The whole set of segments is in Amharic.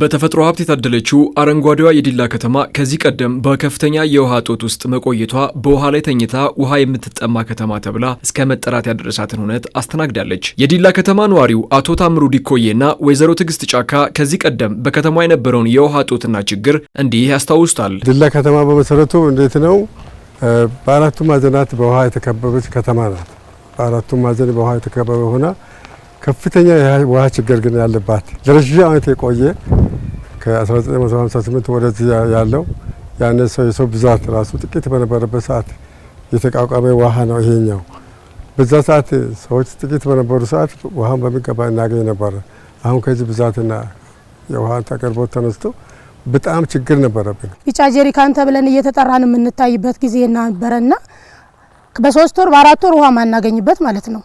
በተፈጥሮ ሀብት የታደለችው አረንጓዴዋ የዲላ ከተማ ከዚህ ቀደም በከፍተኛ የውሃ እጦት ውስጥ መቆየቷ በውሃ ላይ ተኝታ ውሃ የምትጠማ ከተማ ተብላ እስከ መጠራት ያደረሳትን እውነት አስተናግዳለች። የዲላ ከተማ ነዋሪው አቶ ታምሩ ዲኮዬና ወይዘሮ ትዕግስት ጫካ ከዚህ ቀደም በከተማ የነበረውን የውሃ እጦትና ችግር እንዲህ ያስታውሱታል። ዲላ ከተማ በመሰረቱ እንዴት ነው? በአራቱ ማዕዘናት በውሃ የተከበበች ከተማ ናት። በአራቱ ማዕዘን በውሃ የተከበበ ሆና ከፍተኛ የውሃ ችግር ግን ያለባት ለረዥም ዓመት የቆየ ከ1958 ወደዚህ ያለው ያነ ሰው የሰው ብዛት ራሱ ጥቂት በነበረበት ሰዓት የተቋቋመ ውሃ ነው ይሄኛው። በዛ ሰዓት ሰዎች ጥቂት በነበሩ ሰዓት ውሃን በሚገባ እናገኝ ነበረ። አሁን ከዚህ ብዛትና የውሃ አቅርቦት ተነስቶ በጣም ችግር ነበረብን። ቢጫ ጀሪካን ተብለን እየተጠራን የምንታይበት ጊዜ ነበረና በሶስት ወር በአራት ወር ውሃ ማናገኝበት ማለት ነው።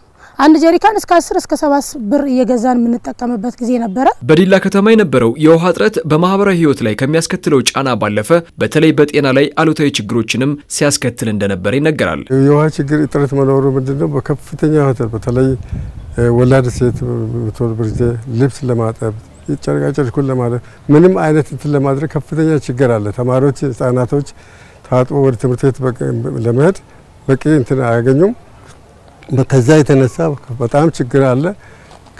አንድ ጀሪካን እስከ 10 እስከ 7 ብር እየገዛን የምንጠቀምበት ጊዜ ነበረ። በዲላ ከተማ የነበረው የውሃ እጥረት በማህበራዊ ህይወት ላይ ከሚያስከትለው ጫና ባለፈ በተለይ በጤና ላይ አሉታዊ ችግሮችንም ሲያስከትል እንደነበረ ይነገራል። የውሃ ችግር እጥረት መኖሩ ምንድነው? በከፍተኛ ሆቴል በተለይ ወላድ ሴት ቶል ብርዜ ልብስ ለማጠብ ጨርቃጨርኩን ለማለት ምንም አይነት እንትን ለማድረግ ከፍተኛ ችግር አለ። ተማሪዎች ህጻናቶች ታጥቦ ወደ ትምህርት ቤት ለመሄድ በቂ እንትን አያገኙም። ከዛ የተነሳ በጣም ችግር አለ።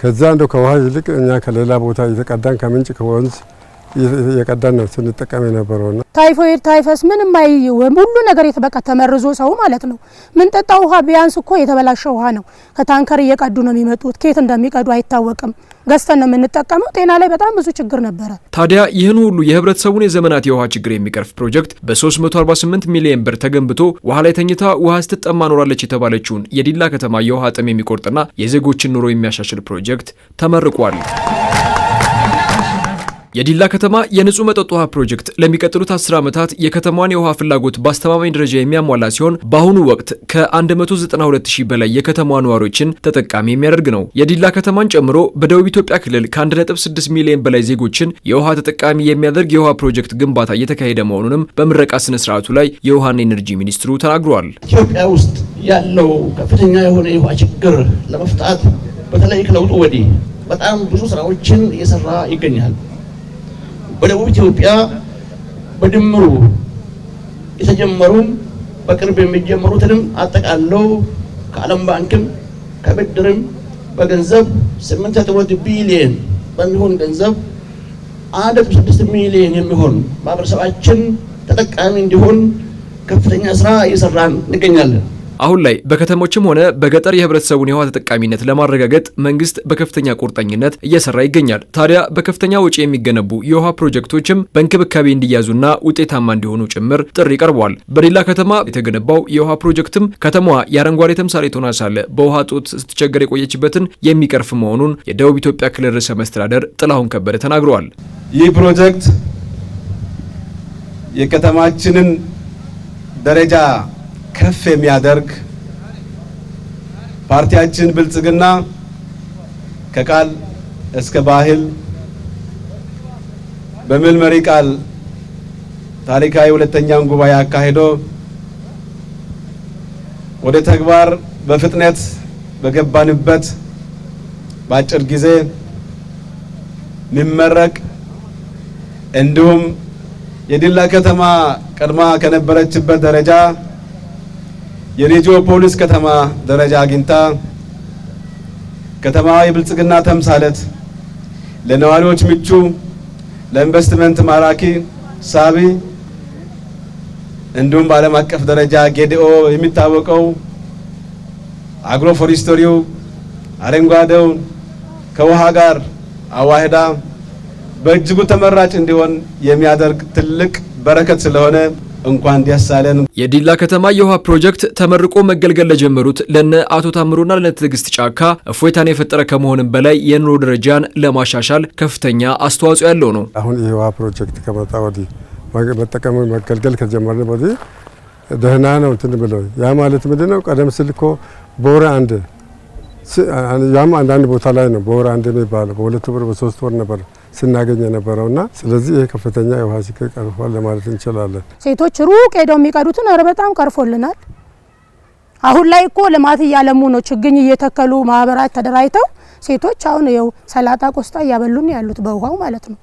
ከዛ እንደው ከውሃ ይልቅ እኛ ከሌላ ቦታ እየተቀዳን ከምንጭ ከወንዝ የቀዳን ነው ስንጠቀም የነበረው ና ታይፎይድ ታይፈስ ምንም አይ ሁሉ ነገር የተበቃ ተመርዞ ሰው ማለት ነው። ምንጠጣ ውሃ ቢያንስ እኮ የተበላሸ ውሃ ነው። ከታንከር እየቀዱ ነው የሚመጡት። ኬት እንደሚቀዱ አይታወቅም። ገዝተን ነው የምንጠቀመው። ጤና ላይ በጣም ብዙ ችግር ነበረ። ታዲያ ይህን ሁሉ የህብረተሰቡን የዘመናት የውሃ ችግር የሚቀርፍ ፕሮጀክት በ348 ሚሊዮን ብር ተገንብቶ ውሃ ላይ ተኝታ ውሃ ስትጠማ ኖራለች የተባለችውን የዲላ ከተማ የውሃ ጥም የሚቆርጥና የዜጎችን ኑሮ የሚያሻሽል ፕሮጀክት ተመርቋል። የዲላ ከተማ የንጹህ መጠጥ ውሃ ፕሮጀክት ለሚቀጥሉት 10 ዓመታት የከተማዋን የውሃ ፍላጎት በአስተማማኝ ደረጃ የሚያሟላ ሲሆን በአሁኑ ወቅት ከ192000 በላይ የከተማዋ ነዋሪዎችን ተጠቃሚ የሚያደርግ ነው። የዲላ ከተማን ጨምሮ በደቡብ ኢትዮጵያ ክልል ከ1.6 ሚሊዮን በላይ ዜጎችን የውሃ ተጠቃሚ የሚያደርግ የውሃ ፕሮጀክት ግንባታ እየተካሄደ መሆኑንም በምረቃ ስነ ስርዓቱ ላይ የውሃና ኤነርጂ ሚኒስትሩ ተናግረዋል። ኢትዮጵያ ውስጥ ያለው ከፍተኛ የሆነ የውሃ ችግር ለመፍታት በተለይ ከለውጡ ወዲህ በጣም ብዙ ስራዎችን እየሰራ ይገኛል። በደቡብ ኢትዮጵያ በድምሩ የተጀመሩም በቅርብ የሚጀመሩትንም አጠቃለው ከዓለም ባንክም ከብድርም በገንዘብ 8 ቢሊዮን በሚሆን ገንዘብ 16 ሚሊዮን የሚሆን ማህበረሰባችን ተጠቃሚ እንዲሆን ከፍተኛ ስራ እየሰራን እንገኛለን። አሁን ላይ በከተሞችም ሆነ በገጠር የህብረተሰቡን የውሃ ተጠቃሚነት ለማረጋገጥ መንግስት በከፍተኛ ቁርጠኝነት እየሰራ ይገኛል። ታዲያ በከፍተኛ ወጪ የሚገነቡ የውሃ ፕሮጀክቶችም በእንክብካቤ እንዲያዙና ውጤታማ እንዲሆኑ ጭምር ጥሪ ቀርቧል። በሌላ ከተማ የተገነባው የውሃ ፕሮጀክትም ከተማዋ የአረንጓዴ ተምሳሌ ሆና ሳለ በውሃ ጦት ስትቸገር የቆየችበትን የሚቀርፍ መሆኑን የደቡብ ኢትዮጵያ ክልል ርዕሰ መስተዳደር ጥላሁን ከበደ ተናግረዋል። ይህ ፕሮጀክት የከተማችንን ደረጃ ከፍ የሚያደርግ ፓርቲያችን ብልጽግና ከቃል እስከ ባህል በሚል መሪ ቃል ታሪካዊ ሁለተኛውን ጉባኤ አካሂዶ ወደ ተግባር በፍጥነት በገባንበት በአጭር ጊዜ ሚመረቅ እንዲሁም የዲላ ከተማ ቀድማ ከነበረችበት ደረጃ የሬዲዮ ፖሊስ ከተማ ደረጃ አግኝታ ከተማዋ የብልጽግና ተምሳሌት ለነዋሪዎች ምቹ፣ ለኢንቨስትመንት ማራኪ ሳቢ እንዲሁም በዓለም አቀፍ ደረጃ ጌዲኦ የሚታወቀው አግሮ ፎሪስተሪው አረንጓዴው ከውሃ ጋር አዋህዳ በእጅጉ ተመራጭ እንዲሆን የሚያደርግ ትልቅ በረከት ስለሆነ እንኳን ደስ አለን። የዲላ ከተማ የውሃ ፕሮጀክት ተመርቆ መገልገል ለጀመሩት ለነ አቶ ታምሩና ለነ ትዕግስት ጫካ እፎይታን የፈጠረ ከመሆንም በላይ የኑሮ ደረጃን ለማሻሻል ከፍተኛ አስተዋጽኦ ያለው ነው። አሁን የውሃ ፕሮጀክት ከመጣ ወዲህ መጠቀሙ መገልገል ከጀመረ ወዲህ ደህና ነው እንትን ብለው ያ ማለት ምንድን ነው? ቀደም ሲል እኮ በወር አንድ ያም አንዳንድ ቦታ ላይ ነው በወር አንድ የሚባለው በሁለት ወር በሶስት ወር ነበር ስናገኝ የነበረውና ስለዚህ ይህ ከፍተኛ የውሃ ችግር ቀርፏል ለማለት እንችላለን። ሴቶች ሩቅ ሄደው የሚቀዱትን ኧረ በጣም ቀርፎልናል። አሁን ላይ እኮ ልማት እያለሙ ነው። ችግኝ እየተከሉ ማህበራት ተደራጅተው ሴቶች አሁን ይኸው ሰላጣ፣ ቆስጣ እያበሉን ያሉት በውሃው ማለት ነው።